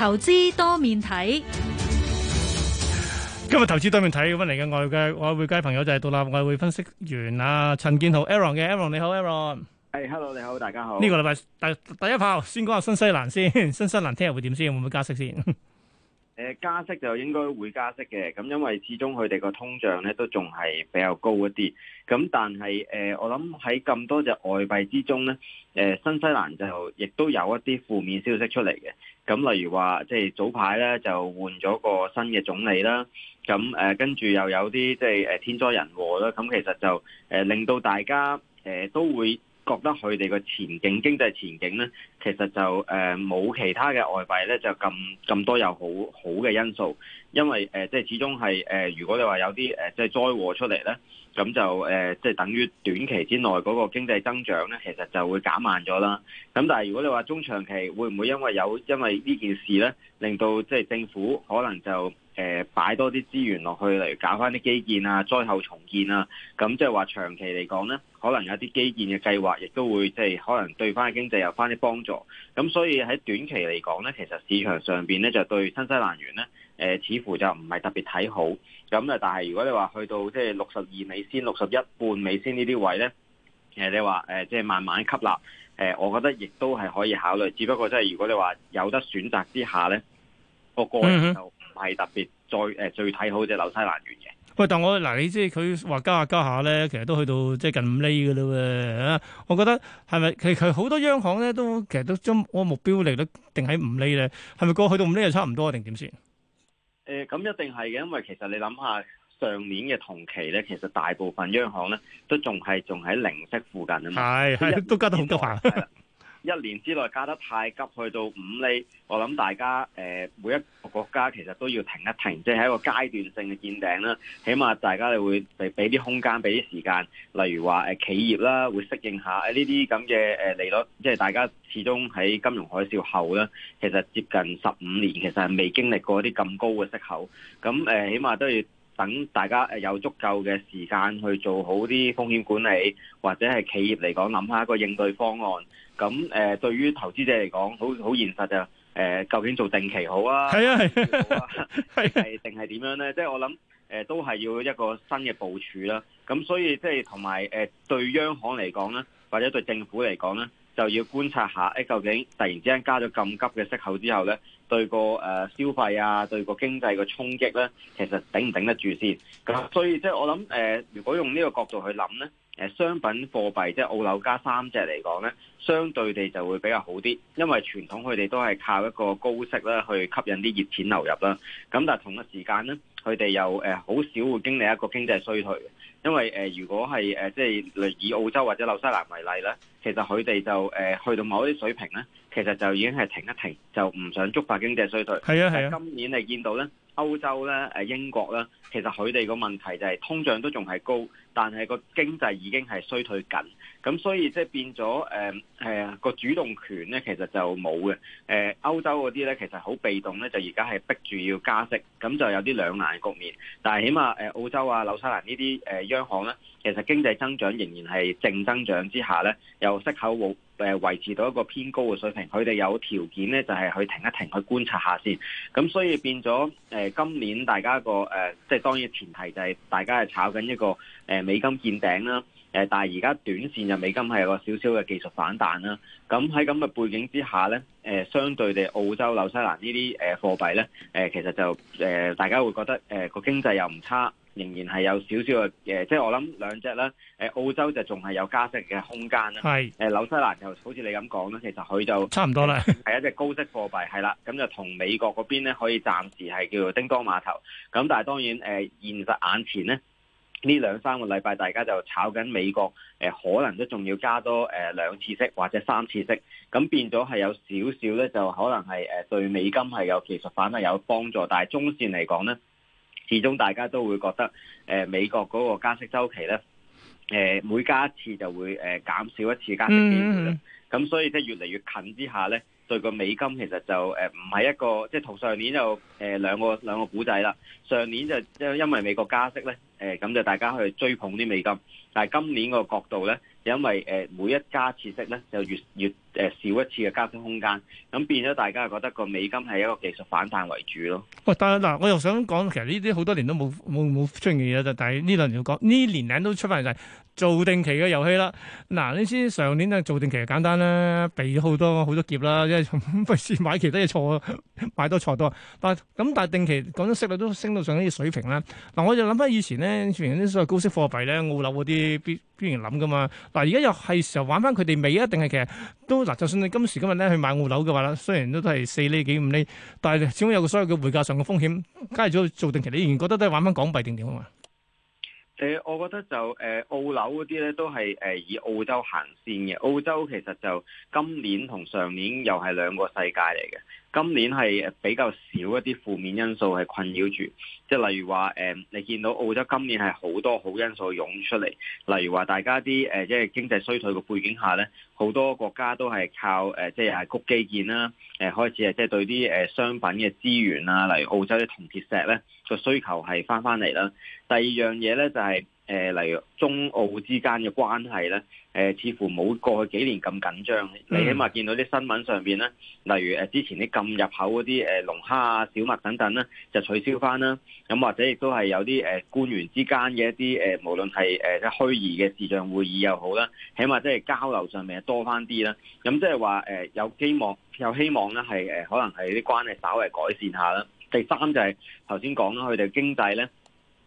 投資多面睇，今日投資多面睇，翻嚟嘅外匯外匯界朋友就係獨立外匯分析員啊，陳健豪 Aaron 嘅 Aaron 你好 Aaron，係 Hello，你好，Aaron、hey, hello, 大家好。呢個禮拜第第一炮先講下新西蘭先，新西蘭聽日會點先，會唔會加息先？誒， 加息就應該會加息嘅，咁因為始終佢哋個通脹咧都仲係比較高一啲，咁但係誒、呃，我諗喺咁多隻外幣之中咧，誒、呃、新西蘭就亦都有一啲負面消息出嚟嘅。咁例如話，即係早排咧就換咗個新嘅總理啦，咁誒跟住又有啲即係誒天災人禍啦，咁其實就誒、呃、令到大家誒都會覺得佢哋個前景經濟前景咧，其實就誒冇、呃、其他嘅外幣咧，就咁咁多有好好嘅因素，因為誒即係始終係誒、呃、如果你話有啲誒、呃、即係災禍出嚟咧，咁就誒、呃、即係等於短期之內嗰個經濟增長咧，其實就會減慢咗啦。咁但係如果你話中長期會唔會因為有因為呢件事咧，令到即係政府可能就誒，擺多啲資源落去，例如搞翻啲基建啊、災後重建啊，咁即係話長期嚟講呢，可能有啲基建嘅計劃，亦都會即係可能對翻嘅經濟有翻啲幫助。咁所以喺短期嚟講呢，其實市場上邊呢，就對新西蘭元呢，誒、呃、似乎就唔係特別睇好。咁啊，但係如果你話去到即係六十二美仙、六十一半美仙呢啲位呢，其實你話誒即係慢慢吸納，誒我覺得亦都係可以考慮。只不過即係如果你話有得選擇之下呢。我個人就。嗯係特別再誒最睇好即係紐西蘭元嘅。喂，但我嗱你即係佢話加下加下咧，其實都去到即係近五厘噶啦喎。啊，我覺得係咪其實好多央行咧都其實都將我目標利率定喺五厘咧？係咪過去到五厘又差唔多定點先？誒，咁、呃、一定係嘅，因為其實你諗下上年嘅同期咧，其實大部分央行咧都仲係仲喺零息附近啊嘛。係係是都加得好多下。一年之內加得太急，去到五厘，我諗大家誒、呃、每一個國家其實都要停一停，即係一個階段性嘅見頂啦。起碼大家會俾啲空間、俾啲時間，例如話誒、呃、企業啦，會適應下呢啲咁嘅誒利率，即係大家始終喺金融海嘯後咧，其實接近十五年，其實係未經歷過啲咁高嘅息口，咁誒、呃、起碼都要，等大家誒有足夠嘅時間去做好啲風險管理，或者係企業嚟講諗下一個應對方案。咁誒、呃，對於投資者嚟講，好好現實就誒、呃，究竟做定期好啊？係啊係，係定係點樣咧？即係我諗誒，都係要一個新嘅部署啦。咁所以即係同埋誒，對央行嚟講咧，或者對政府嚟講咧，就要觀察下誒，究竟突然之間加咗咁急嘅息口之後咧。對個誒、呃、消費啊，對個經濟嘅衝擊咧，其實頂唔頂得住先。咁所以即係我諗誒、呃，如果用呢個角度去諗咧，誒、呃、商品貨幣即係澳紐加三隻嚟講咧，相對地就會比較好啲，因為傳統佢哋都係靠一個高息咧去吸引啲熱錢流入啦。咁但係同一時間咧，佢哋又誒好、呃、少會經歷一個經濟衰退嘅。因為誒、呃，如果係誒，即、呃、係以澳洲或者紐西蘭為例咧，其實佢哋就誒、呃、去到某啲水平咧，其實就已經係停一停，就唔想觸發經濟衰退。係啊，係啊。今年你見到咧，歐洲咧，誒英國咧，其實佢哋個問題就係通脹都仲係高，但係個經濟已經係衰退緊，咁所以即係變咗誒，係、呃、啊，個主動權咧其實就冇嘅。誒、呃，歐洲嗰啲咧其實好被動咧，就而家係逼住要加息，咁就有啲兩難嘅局面。但係起碼誒，澳洲啊、紐西蘭呢啲誒。呃央行咧，其實經濟增長仍然係正增長之下咧，又息口誒維持到一個偏高嘅水平。佢哋有條件咧，就係、是、去停一停，去觀察下先。咁所以變咗誒、呃，今年大家個誒、呃，即係當然前提就係大家係炒緊一個誒美金見頂啦。誒、呃，但係而家短線又美金係有個少少嘅技術反彈啦。咁喺咁嘅背景之下咧，誒、呃、相對地澳洲紐西蘭呢啲誒貨幣咧，誒、呃呃、其實就誒、呃、大家會覺得誒個、呃、經濟又唔差。仍然係有少少嘅，誒，即係我諗兩隻啦，誒，澳洲就仲係有加息嘅空間啦，係是，誒、呃，紐西蘭就好似你咁講啦，其實佢就差唔多啦，係、呃、一隻高息貨幣，係啦，咁就同美國嗰邊咧可以暫時係叫做叮噹馬頭，咁但係當然誒、呃，現實眼前咧，呢兩三個禮拜大家就炒緊美國，誒、呃，可能都仲要加多誒兩、呃、次息或者三次息，咁變咗係有少少咧就可能係誒對美金係有技術反係有幫助，但係中線嚟講咧。始終大家都會覺得，誒、呃、美國嗰個加息周期咧，誒、呃、每加一次就會誒減、呃、少一次加息機會。咁所以即係越嚟越近之下咧，對個美金其實就誒唔係一個，即、就、係、是、同上年有誒兩個兩個故仔啦。上年就因因為美國加息咧，誒、呃、咁就大家去追捧啲美金，但係今年個角度咧。因為誒、呃、每一加次息咧就越越誒、呃、少一次嘅加息空間，咁變咗大家係覺得個美金係一個技術反彈為主咯。喂、啊，但係嗱、啊，我又想講，其實呢啲好多年都冇冇冇出現嘅嘢，就係呢兩年講呢年齡都出翻嚟，就係做定期嘅遊戲啦。嗱、啊，你知上年咧做定期就簡單啦，避咗好多好多劫啦，因為費事 買其他嘢錯 買多錯多。但係咁，但係定期講到息率都升到上啲水平啦。嗱、啊，我就諗翻以前咧，以前啲所謂高息貨幣咧，澳紐嗰啲。必然諗㗎嘛？嗱、啊，而家又係時候玩翻佢哋未啊？定係其實都嗱、啊，就算你今時今日咧去買澳樓嘅話啦，雖然都都係四厘幾五厘，但係始終有個所有嘅匯價上嘅風險，加住做定期，你仍然覺得都係玩翻港幣定點啊嘛？誒，我覺得就誒，澳紐嗰啲咧都係誒以澳洲行先嘅。澳洲其實就今年同上年又係兩個世界嚟嘅。今年係比較少一啲負面因素係困擾住，即係例如話誒，你見到澳洲今年係好多好因素湧出嚟，例如話大家啲誒，即係經濟衰退嘅背景下咧。好多國家都係靠誒，即係又係谷基建啦，誒、呃、開始係即係對啲誒商品嘅資源啊，例如澳洲啲銅鐵石咧個需求係翻翻嚟啦。第二樣嘢咧就係、是。誒，例如中澳之間嘅關係咧，誒、呃，似乎冇過去幾年咁緊張。Mm. 你起碼見到啲新聞上邊咧，例如誒之前啲禁入口嗰啲誒龍蝦啊、小麥等等咧，就取消翻啦。咁或者亦都係有啲誒、呃、官員之間嘅一啲誒、呃，無論係誒一虛擬嘅視像會議又好啦，起碼即係交流上面多翻啲啦。咁即係話誒有希望，有希望咧係誒可能係啲關係稍微改善下啦。第三就係頭先講啦，佢哋經濟咧。呢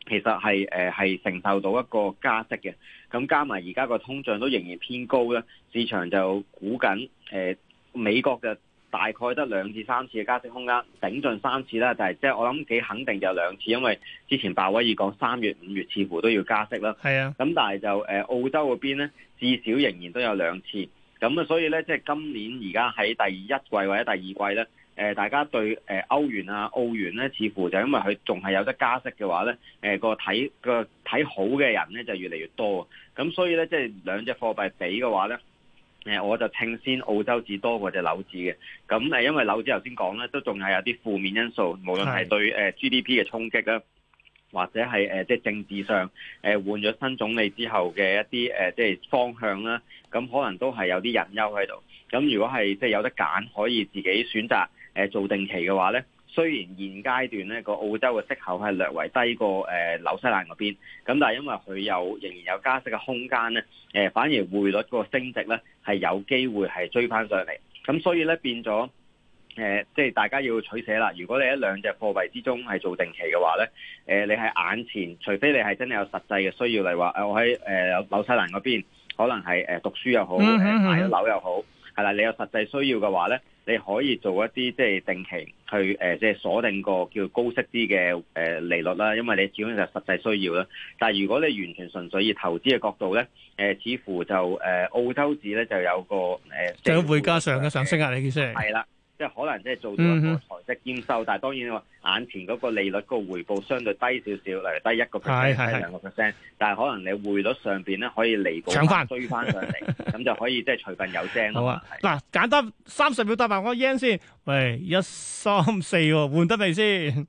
其實係誒係承受到一個加息嘅，咁加埋而家個通脹都仍然偏高咧，市場就估緊誒、呃、美國嘅大概得兩至三次嘅加息空間，頂盡三次啦、就是，就係即係我諗幾肯定就有兩次，因為之前鮑威爾講三月、五月似乎都要加息啦。係啊，咁但係就誒、呃、澳洲嗰邊咧，至少仍然都有兩次，咁啊所以咧即係今年而家喺第一季或者第二季咧。誒，大家對誒歐元啊、澳元咧，似乎就因為佢仲係有得加息嘅話咧，誒個睇個睇好嘅人咧就越嚟越多，咁所以咧即係兩隻貨幣比嘅話咧，誒我就稱先澳洲紙多過隻紐紙嘅，咁誒因為紐紙頭先講咧都仲係有啲負面因素，無論係對誒 GDP 嘅衝擊啦，或者係誒即係政治上誒換咗新總理之後嘅一啲誒即係方向啦，咁可能都係有啲隱憂喺度。咁如果係即係有得揀，可以自己選擇。誒做定期嘅話咧，雖然現階段咧個澳洲嘅息口係略為低過誒、呃、紐西蘭嗰邊，咁但係因為佢有仍然有加息嘅空間咧，誒、呃、反而匯率嗰個升值咧係有機會係追翻上嚟，咁所以咧變咗誒、呃、即係大家要取捨啦。如果你喺兩隻貨幣之中係做定期嘅話咧，誒、呃、你喺眼前，除非你係真係有實際嘅需要嚟話，誒我喺誒、呃、紐西蘭嗰邊可能係誒讀書又好，誒、嗯嗯嗯、買咗樓又好，係啦，你有實際需要嘅話咧。你可以做一啲即係定期去誒，即係鎖定個叫高息啲嘅誒利率啦。因為你始終就實際需要啦。但係如果你完全純粹以投資嘅角度咧，誒、呃、似乎就誒、呃、澳洲紙咧就有個誒就會加上嘅上、呃、升啊，李先生係啦。即係可能即係做到個財息兼收，嗯、但係當然話眼前嗰個利率個回報相對低少少，例如低一個 percent，低兩個 percent，但係可能你匯率上邊咧可以彌補，犯追翻上嚟，咁就可以即係隨份有聲 好啊，嗱，簡單三十秒答埋我 yen 先，喂，一三四，換得未先？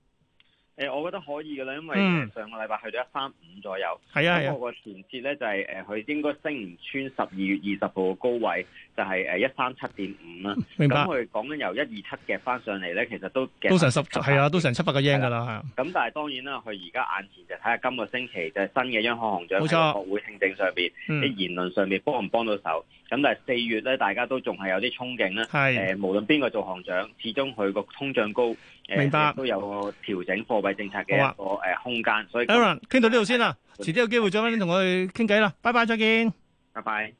誒，嗯、我覺得可以嘅啦，因為上個禮拜去到一三五左右，咁我個前設咧就係、是、誒，佢、呃、應該升唔穿十二月二十號嘅高位，就係誒一三七點五啦。明白。咁佢講緊由一二七嘅翻上嚟咧，其實都都成十係啊，都成七百個 yen 噶啦。咁但係當然啦，佢而家眼前就睇下今個星期就係新嘅央行行長喺國錯會聽證上邊啲、嗯、言論上邊幫唔幫到手。咁但係四月咧，大家都仲係有啲憧憬啦。係誒是、呃，無論邊個做行長，始終佢個通脹高誒、呃、白都有個調整貨。政策嘅一個誒空間，啊、所以 Aaron 傾，到呢度先啦，嗯、遲啲有機會再返嚟同我哋傾偈啦，拜拜，再見，拜拜。